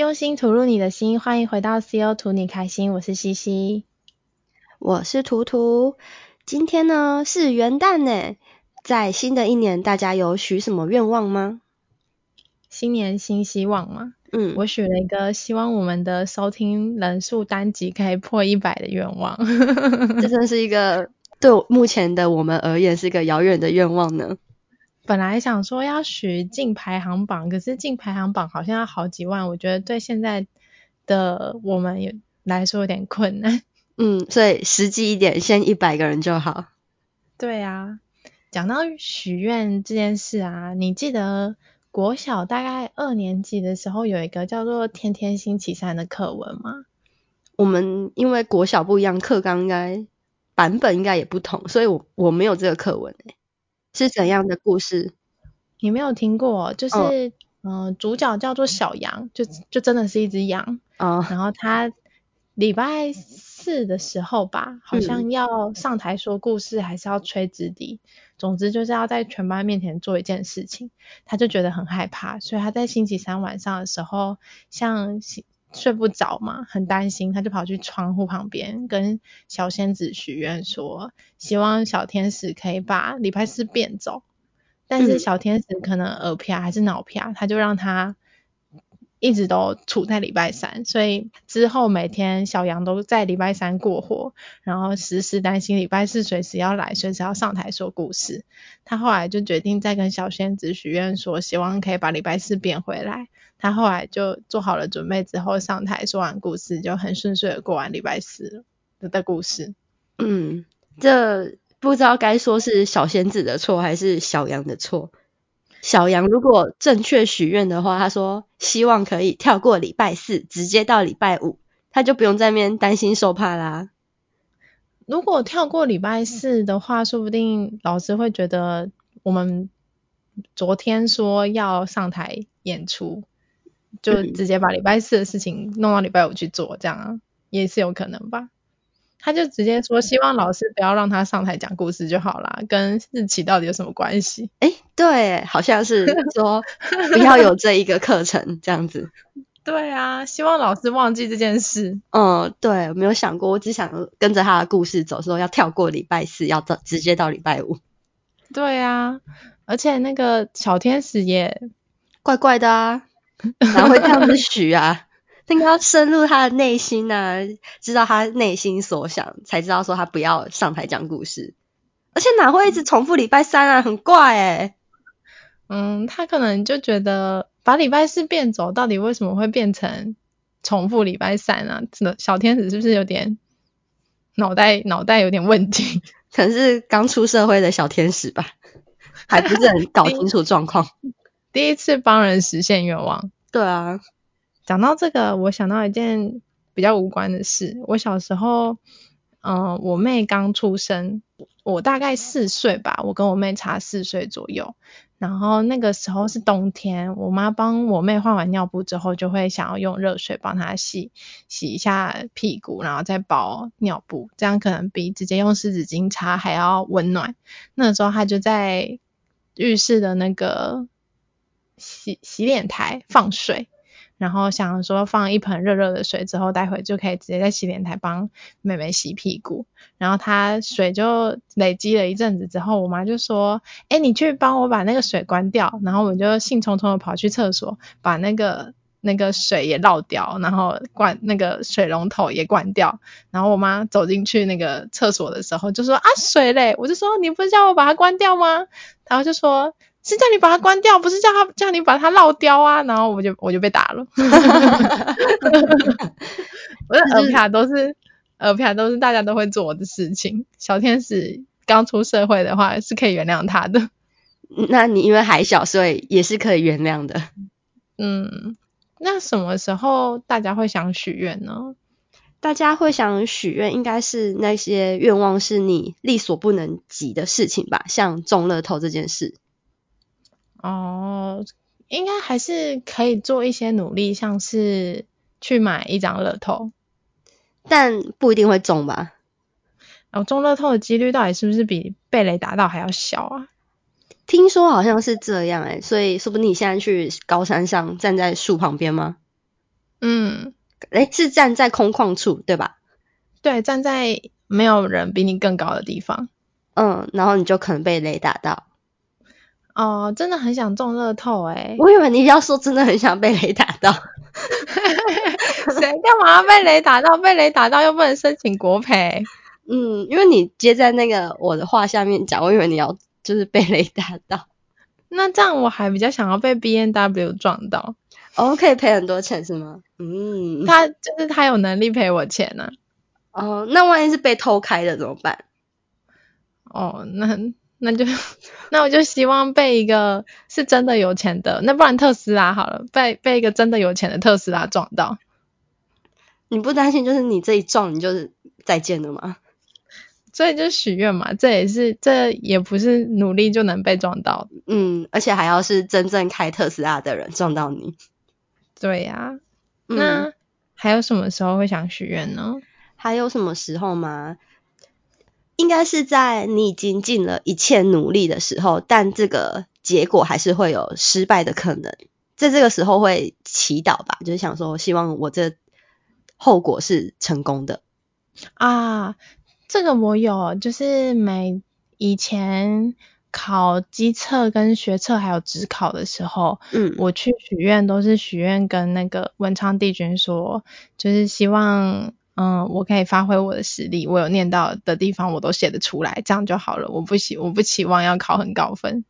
用心吐露你的心，歡迎回到 C.O. 圖你開心，我是西西，我是圖圖。今天呢是元旦呢，在新的一年，大家有許什麼願望嗎？新年新希望嘛，嗯，我許了一個希望我們的收聽人數單集可以破一百的願望。 這真是一個對目前的我們而言是一個遙遠的願望呢。本來想說要許進排行榜，可是進排行榜好像要好幾萬，我覺得對現在的我們來說有點困難。嗯，所以實際一點，先一百個人就好。對啊，講到許願這件事啊，你記得國小大概二年級的時候有一個叫做《天天星期三》的課文嗎？我們因為國小不一樣，課綱應該版本應該也不同，所以我我沒有這個課文欸。是怎樣的故事？你沒有聽過，就是嗯、哦呃，主角叫做小羊，就就真的是一隻羊，哦，然後他禮拜四的時候吧，好像要上台說故事，嗯，還是要吹直笛，總之就是要在全班面前做一件事情，他就覺得很害怕，所以他在星期三晚上的時候，像。睡不着嘛，很擔心，他就跑去窗戶旁邊，跟小仙子許願，說希望小天使可以把禮拜四變走，但是小天使可能耳飄還是腦飄，他就讓他。一直都處在禮拜三，所以之後每天小楊都在禮拜三過活，然後時時擔心禮拜四隨時要來，隨時要上台說故事。他後來就決定再跟小仙子許願說，說希望可以把禮拜四變回來。他後來就做好了準備之後上台，說完故事就很順遂的過完禮拜四的故事。嗯，這不知道該說是小仙子的錯還是小楊的錯。小楊如果正確許願的話，他說希望可以跳過禮拜四，直接到禮拜五，他就不用在那邊擔心受怕啦。如果跳過禮拜四的話，嗯，說不定老師會覺得我們昨天說要上台演出，就直接把禮拜四的事情弄到禮拜五去做，這樣也是有可能吧。他就直接說，希望老師不要讓他上台講故事就好啦。跟日期到底有什麼關係？哎、欸，對，好像是說不要有這一個課程這樣子。 對啊，希望老師忘記這件事。嗯，對，沒有想過，我只想跟着他的故事走，說要跳過禮拜四，要到直接到禮拜五。對啊，而且那個小天使也怪怪的，啊， 哪會這樣子許啊？應該要深入他的內心啊，知道他內心所想，才知道說他不要上台講故事，而且哪會一直重複禮拜三啊，很怪誒、欸、嗯，他可能就覺得把禮拜四變走，到底為什麼會變成重複禮拜三啊？真的小天使是不是有點腦袋腦袋有點問題？可能是剛出社會的小天使吧， 還不是很搞清楚狀況，第一，第一次幫人實現願望，對啊。講到這個，我想到一件比較無關的事。我小時候，嗯，我妹剛出生，我大概四歲吧，我跟我妹差四歲左右。然後那個時候是冬天，我媽幫我妹換完尿布之後，就會想要用熱水幫她洗洗一下屁股，然後再包尿布，這樣可能比直接用濕紙巾擦還要溫暖。那時候她就在浴室的那個洗洗臉台放水。然後想說放一盆熱熱的水，之後待會就可以直接在洗臉台幫妹妹洗屁股。然後她水就累積了一陣子之後，我媽就說：“哎，你去幫我把那個水關掉。”然後我們就興沖沖地跑去廁所，把那個那個水也倒掉，然後關那個水龍頭也關掉。然後我媽走進去那個廁所的時候，就說：“啊，水嘞！”我就說：“你不是叫我把它關掉嗎？”然後就說。是叫你把它關掉，不是叫他叫你把它落掉啊！然後我就我就被打了。我 的 耳皮都是耳皮都是大家都會做的事情。小天使剛出社會的話是可以原諒他的，那你因為還小，所以也是可以原諒的。嗯，那什麼時候大家會想許願呢？大家會想許願，應該是那些願望是你力所不能及的事情吧，像中樂透這件事。哦，應該還是可以做一些努力，像是去買一張樂透，但不一定會中吧。哦，中樂透的幾率到底是不是比被雷打到還要小啊？聽說好像是這樣，欸，哎，所以說不定你現在去高山上站在樹旁邊嗎？嗯，誒、欸、是站在空曠處，對吧？對，站在沒有人比你更高的地方。嗯，然後你就可能被雷打到。哦，真的很想中樂透哎！我以為你要說真的很想被雷打到。誰 幹嘛要被雷打到？被雷打到又不能申請國賠。嗯，因為你接在那個我的話下面講，我以為你要就是被雷打到。那這樣我還比較想要被 B N W 撞到，哦，可以賠很多錢是嗎？嗯，他就是他有能力賠我錢呢、啊。哦，那萬一是被偷開的怎麼辦？哦，那。那就那我就希望被一個是真的有錢的，那不然特斯拉好了，被被一個真的有錢的特斯拉撞到，你不擔心就是你這一撞你就是再見了嗎？所以就許願嘛，這也是這也不是努力就能被撞到的，嗯，而且還要是真正開特斯拉的人撞到你，對呀、啊，那、嗯、還有什麼時候會想許願呢？還有什麼時候嗎？應該是在你已經盡了一切努力的時候，但這個結果還是會有失敗的可能，在這個時候會祈禱吧，就是想說希望我這後果是成功的啊。這個我有，就是每以前考基測跟學測還有指考的時候，嗯，我去許願都是許願跟那個文昌帝君說，就是希望。嗯，我可以發揮我的實力。我有念到的地方，我都寫得出來，這樣就好了。我不希，我不期望要考很高分。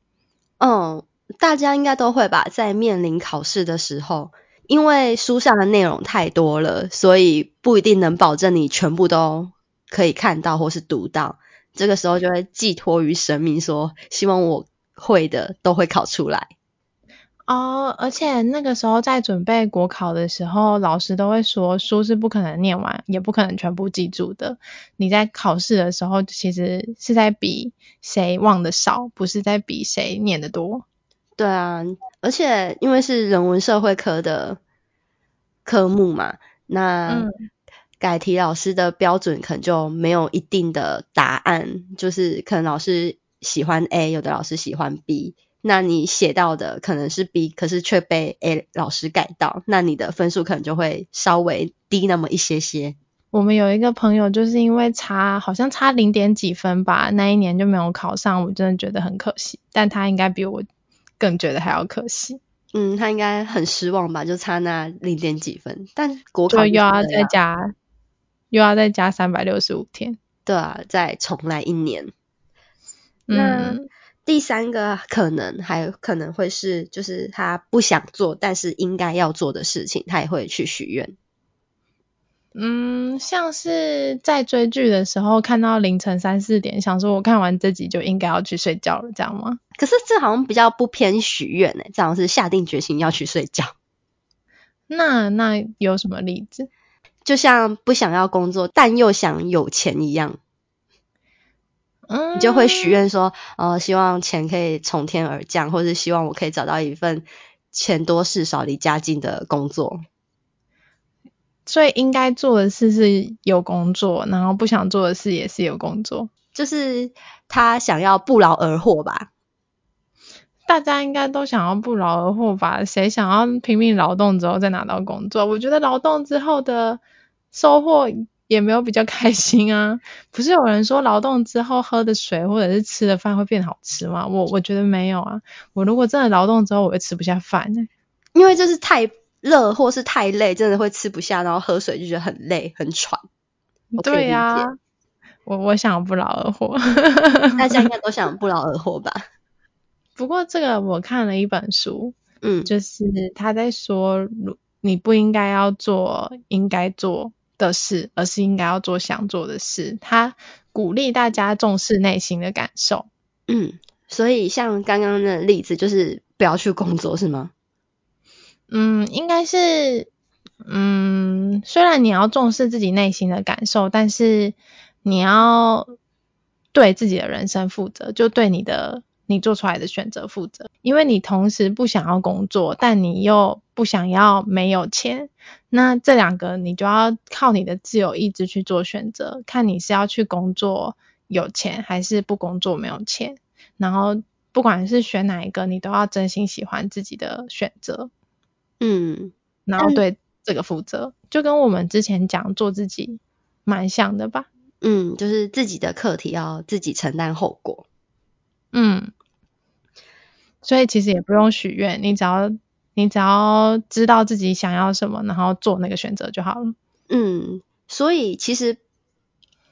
嗯，大家應該都會吧，在面臨考試的時候，因為書上的內容太多了，所以不一定能保證你全部都可以看到或是讀到。這個時候就會寄托於神明說，說希望我會的都會考出來。哦、oh，而且那個時候在準備國考的時候，老師都會說，書是不可能念完，也不可能全部記住的。你在考試的時候，其實是在比誰忘得少，不是在比誰念得多。對啊，而且因為是人文社會科的科目嘛，那改題老師的標準可能就沒有一定的答案，就是可能老師喜歡 A，有的老師喜歡 B。那你寫到的可能是 B，可是卻被 A 老師改到，那你的分數可能就會稍微低那麼一些些。我們有一個朋友就是因為差，好像差零點幾分吧，那一年就沒有考上，我真的覺得很可惜。但他應該比我更覺得還要可惜。嗯，他應該很失望吧？就差那零點幾分，但國考、啊、又要再加，又要再加三百六十五天。對啊，再重來一年。嗯、那。第三個可能還可能會是，就是他不想做，但是應該要做的事情，他也會去許願。嗯，像是在追劇的時候看到凌晨三四點，想說我看完這集就應該要去睡覺了，這樣嗎？可是這好像比較不偏許願哎，這樣是下定決心要去睡覺。那那有什麼例子？就像不想要工作，但又想有錢一樣。嗯，你就會許願說，呃，希望錢可以從天而降，或是希望我可以找到一份錢多事少、離家近的工作。所以應該做的事是有工作，然後不想做的事也是有工作。就是他想要不勞而獲吧？大家應該都想要不勞而獲吧？誰想要拼命勞動之後再拿到工作？我覺得勞動之後的收穫。也沒有比較開心啊，不是有人說勞動之後喝的水或者是吃的飯會變好吃嗎？我我覺得沒有啊，我如果真的勞動之後，我會吃不下飯呢，因為就是太熱或是太累，真的會吃不下，然後喝水就覺得很累，很喘。對呀、啊，我我想不勞而獲，大 家應該都想不勞而獲吧？ 不過這個我看了一本書，嗯，就是他在說，你不應該要做，應該做。的事，而是應該要做想做的事。他鼓勵大家重視內心的感受。嗯，所以像剛剛的例子，就是不要去工作，是嗎？嗯，應該是。嗯，雖然你要重視自己內心的感受，但是你要對自己的人生負責，就對你的。你做出來的選擇負責，因為你同時不想要工作，但你又不想要沒有錢，那這兩個你就要靠你的自由意志去做選擇，看你是要去工作有錢，還是不工作沒有錢。然後不管是選哪一個，你都要真心喜歡自己的選擇，嗯，然後對這個負責，嗯，就跟我們之前講做自己蠻像的吧，嗯，就是自己的課題要自己承擔後果。嗯，所以其實也不用許願，你只要你只要知道自己想要什麼，然後做那個選擇就好了。嗯，所以其實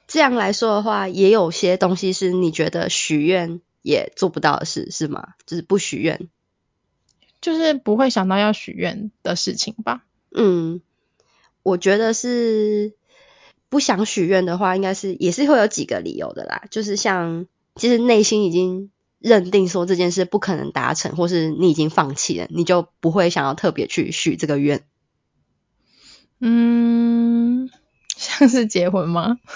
這樣來說的話，也有些東西是你覺得許願也做不到的事，是嗎？就是不許願，就是不會想到要許願的事情吧？嗯，我覺得是不想許願的話應該，應該是也是會有幾個理由的啦，就是像。其實內心已經認定說這件事不可能達成，或是你已經放棄了，你就不會想要特別去許這個願。嗯，像是結婚嗎？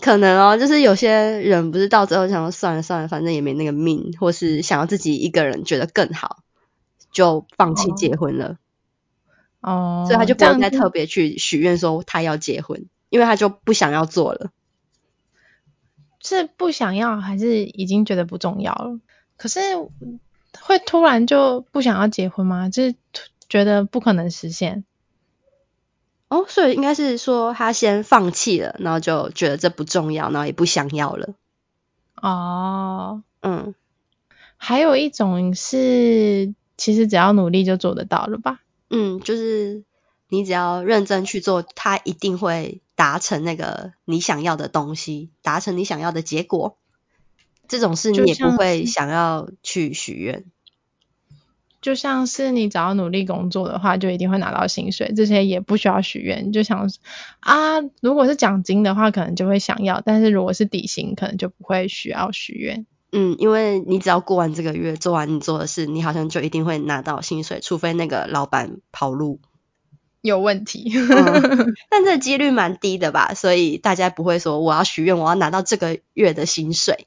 可能哦，就是有些人不是到最後想說算了算了，反正也沒那個命，或是想要自己一個人覺得更好，就放棄結婚了。哦，哦，所以他就不再特別去許願說他要結婚。因為他就不想要做了，是不想要還是已經覺得不重要了？可是會突然就不想要結婚嗎？就是覺得不可能實現。哦，所以應該是說他先放棄了，然後就覺得這不重要，然後也不想要了。哦，嗯。還有一種是，其實只要努力就做得到了吧？嗯，就是你只要認真去做，他一定會。達成那個你想要的東西，達成你想要的結果，這種事你也不會想要去許願。就像是你只要努力工作的話，就一定會拿到薪水，這些也不需要許願，就想啊，如果是獎金的話，可能就會想要，但是如果是底薪，可能就不會需要許願。嗯，因為你只要過完這個月，做完你做的事，你好像就一定會拿到薪水，除非那個老闆跑路。有問題， 但這幾率蠻低的吧？所以大家不會說我要許願，我要拿到這個月的薪水。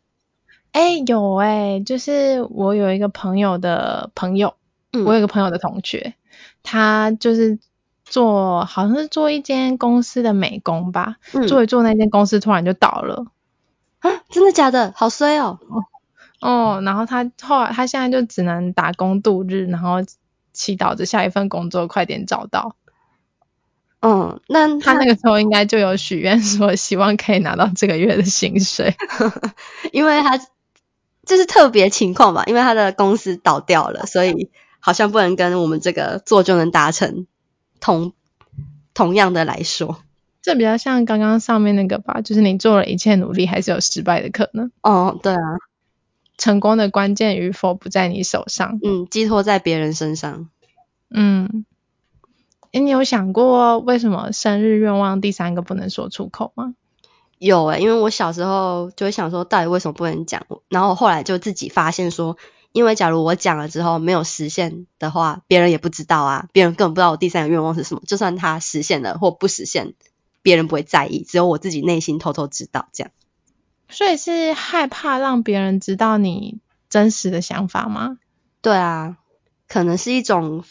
誒、欸、有誒、欸、就是我有一個朋友的朋友、嗯，我有一個朋友的同學，他就是做好像是做一間公司的美工吧，嗯、做一做那間公司突然就倒了啊！真的假的？好衰哦哦、嗯。然後他後來他現在就只能打工度日，然後祈禱着下一份工作快點找到。嗯，那他，他那個時候應該就有許願說，希望可以拿到這個月的薪水， 因為他就是特別情況吧，因為他的公司倒掉了，所以好像不能跟我們這個做就能達成同同樣的來說，這比較像剛剛上面那個吧，就是你做了一切努力，還是有失敗的可能。哦，對啊，成功的關鍵與否不在你手上，嗯，寄托在別人身上，嗯。哎、欸，你有想過為什麼生日願望第三個不能說出口嗎？有誒、欸，因為我小時候就會想說，到底為什麼不能講？然後我後來就自己發現說，因為假如我講了之後沒有實現的話，別人也不知道啊，別人根本不知道我第三個願望是什麼。就算他實現了或不實現，別人不會在意，只有我自己內心偷偷知道這樣。所以是害怕讓別人知道你真實的想法嗎？對啊，可能是一種。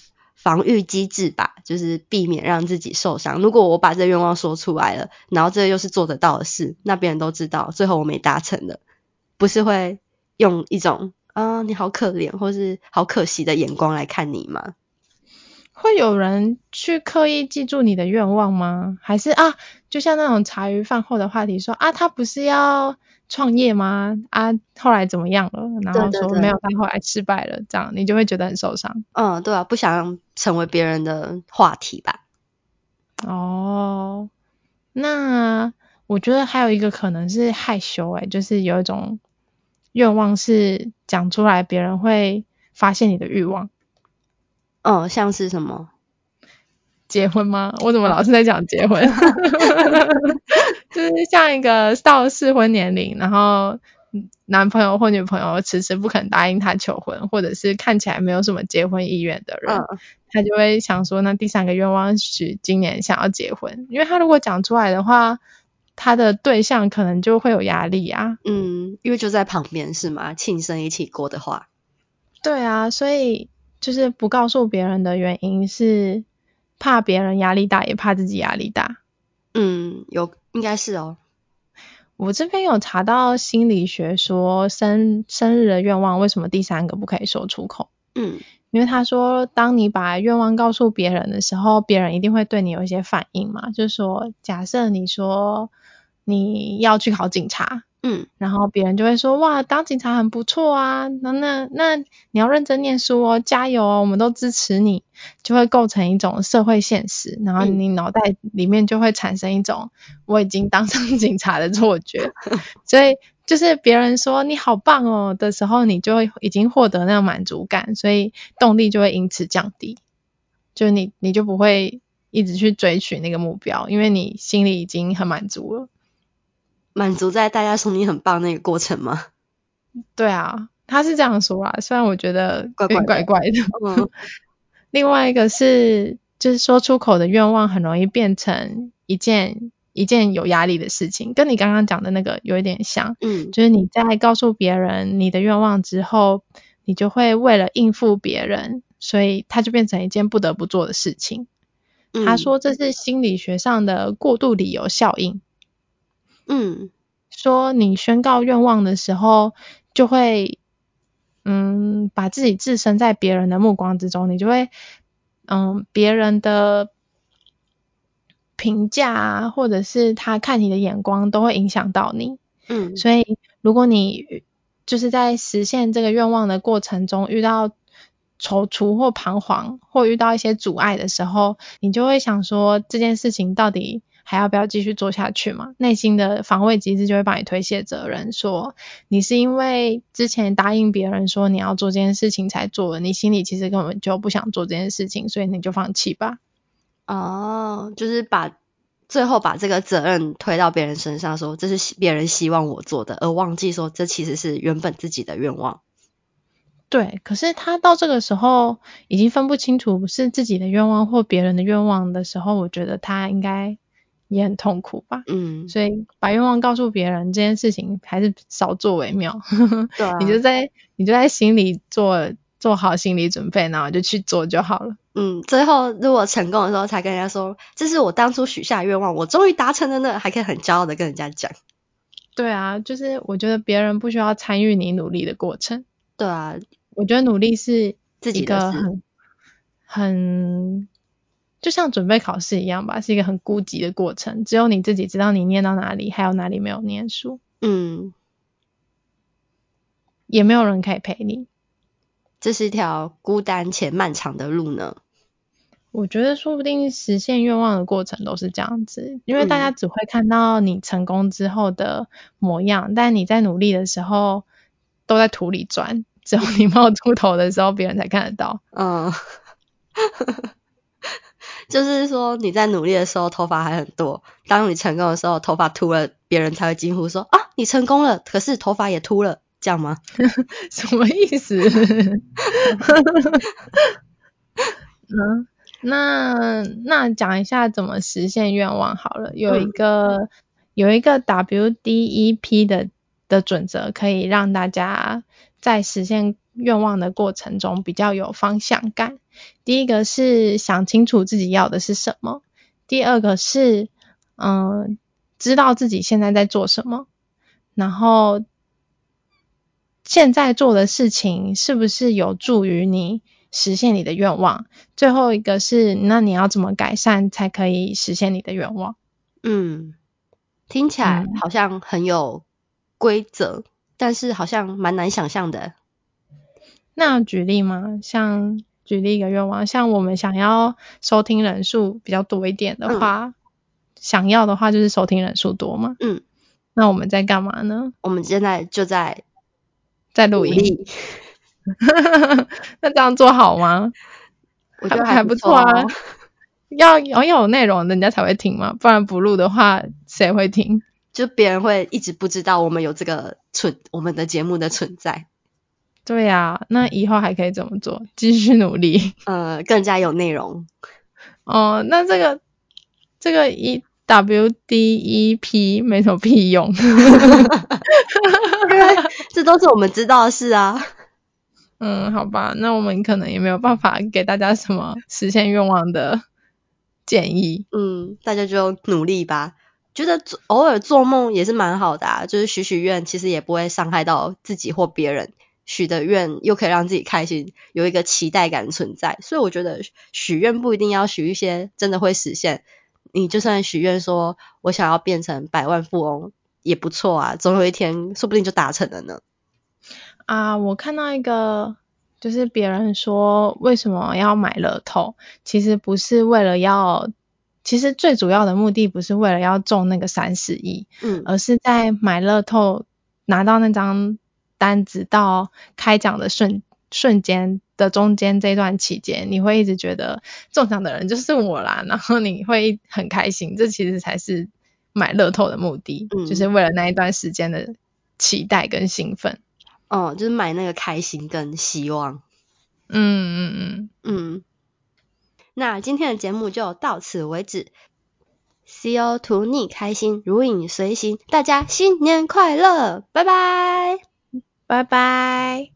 防禦機制吧，就是避免讓自己受傷。如果我把這個願望說出來了，然後這又是做得到的事，那別人都知道，最後我沒達成的，不是會用一種，啊，你好可憐，或是好可惜的眼光來看你嗎？會有人去刻意記住你的願望嗎？還是啊，就像那種茶餘飯後的話題說，說啊，他不是要創業嗎？啊，後來怎麼樣了？然後說沒有，他後來失敗了，對對對，這樣你就會覺得很受傷。嗯，對啊，不想成為別人的話題吧。哦，那我覺得還有一個可能是害羞，欸，誒，就是有一種願望是講出來，別人會發現你的欲望。哦、oh，像是什麼結婚嗎？我怎麼老是在講結婚？ 就是像一個到適婚年齡，然後男朋友或女朋友遲遲不肯答應他求婚，或者是看起來沒有什麼結婚意願的人，oh. 他就會想說，那第三個願望是今年想要結婚，因為他如果講出來的話，他的對象可能就會有壓力啊。嗯，因為就在旁邊是嗎？慶生一起過的話，對啊，所以。就是不告訴別人的原因是怕別人壓力大，也怕自己壓力大。嗯，有，應該是哦。我這邊有查到心理學說生生日的願望為什麼第三個不可以說出口？嗯，因為他說當你把願望告訴別人的時候，別人一定會對你有一些反應嘛。就是說，假設你說你要去考警察。嗯，然後別人就會說，哇，當警察很不錯啊，那那那你要認真念書哦，加油哦，我們都支持你，就會構成一種社會現實，然後你腦袋裡面就會產生一種我已經當上警察的錯覺，嗯、所以就是別人說你好棒哦的時候，你就已經獲得那種滿足感，所以動力就會因此降低，就你你就不會一直去追尋那個目標，因為你心裡已經很滿足了。滿足在大家說你很棒那個過程嗎？對啊，他是這樣說啊，雖然我覺得怪怪怪怪的。 另外一個是，就是說出口的願望很容易變成一件一件有壓力的事情，跟你剛剛講的那個有一點像。嗯，就是你在告訴別人你的願望之後，你就會為了應付別人，所以他就變成一件不得不做的事情。嗯。他說這是心理學上的過度理由效應。嗯，說你宣告願望的時候，就會，嗯，把自己置身在別人的目光之中，你就會，嗯，別人的評價啊，或者是他看你的眼光，都會影響到你。嗯，所以如果你就是在實現這個願望的過程中遇到躊躇或彷徨，或遇到一些阻礙的時候，你就會想說這件事情到底。還要不要繼續做下去嘛？內心的防衛機製就會幫你推卸責任說，說你是因為之前答應別人說你要做這件事情才做，你心裡其實根本就不想做這件事情，所以你就放棄吧。哦，就是把最後把這個責任推到別人身上說，說這是別人希望我做的，而忘記說這其實是原本自己的願望。對，可是他到這個時候已經分不清楚是自己的願望或別人的願望的時候，我覺得他應該。也很痛苦吧，嗯，所以把願望告訴別人這件事情還是少做為妙。 對、啊，你就在你就在心裡做做好心理準備，然後就去做就好了。嗯，最後如果成功的時候，才跟人家說，這是我當初許下的願望，我終於達成了呢、那個，還可以很驕傲的跟人家講。對啊，就是我覺得別人不需要參與你努力的過程。對啊，我覺得努力是一個自己的事，很。很就像準備考試一樣吧，是一個很孤寂的過程，只有你自己知道你念到哪裡，還有哪裡沒有念書。嗯，也沒有人可以陪你。這是一條孤單且漫長的路呢。我覺得說不定實現願望的過程都是這樣子，因為大家只會看到你成功之後的模樣，嗯、但你在努力的時候都在土裡鑽，只有你冒出頭的時候，別人才看得到。嗯。 就是說，你在努力的時候頭髮還很多；當你成功的時候，頭髮禿了，別人才會驚呼說：“啊，你成功了！”可是頭髮也禿了，這樣嗎？ 什麼意思？ 嗯，那那講一下怎麼實現願望好了。有一個、嗯、有一個 WDEP 的的準則，可以讓大家在實現願望的過程中比較有方向感。第一個是想清楚自己要的是什麼，第二個是嗯，知道自己現在在做什麼，然後現在做的事情是不是有助於你實現你的願望？最後一個是那你要怎麼改善才可以實現你的願望？嗯，聽起來好像很有規則，嗯，但是好像蠻難想象的。那舉例嘛？像舉例一個願望，像我們想要收聽人數比較多一點的話、嗯，想要的話就是收聽人數多嘛？嗯。那我們在幹嘛呢？我們現在就在在錄音。 那這樣做好嗎？ 我覺得還不錯啊。 要、哦、要有內容，人家才會聽嘛。不然不錄的話，誰會聽？就別人會一直不知道我們有這個存我們的節目的存在。對呀、啊，那以後還可以怎麼做？繼續努力，呃，更加有內容。哦、呃，那這個這個一 WDEP 沒什麼屁用，哈， 因為這都是我們知道的事啊。嗯，好吧，那我們可能也沒有辦法給大家什麼實現願望的建議。嗯，大家就努力吧。覺得做偶爾做夢也是蠻好的、啊，就是許許願，其實也不會傷害到自己或別人。許的願又可以讓自己開心，有一個期待感存在，所以我覺得許願不一定要許一些真的會實現。你就算許願說我想要變成百萬富翁也不錯啊，總有一天說不定就達成了呢。啊，我看到一個就是別人說為什麼要買樂透，其實不是為了要，其實最主要的目的不是為了要中那個三十億，嗯，而是在買樂透拿到那張。單直到開獎的瞬瞬間的中間這段期間，你會一直覺得中獎的人就是我啦，然後你會很開心。這其實才是買樂透的目的，嗯，就是為了那一段時間的期待跟興奮。哦，就是買那個開心跟希望。嗯嗯嗯嗯。那今天的節目就到此為止。See you to 你開心如影隨形，大家新年快樂，拜拜。拜拜。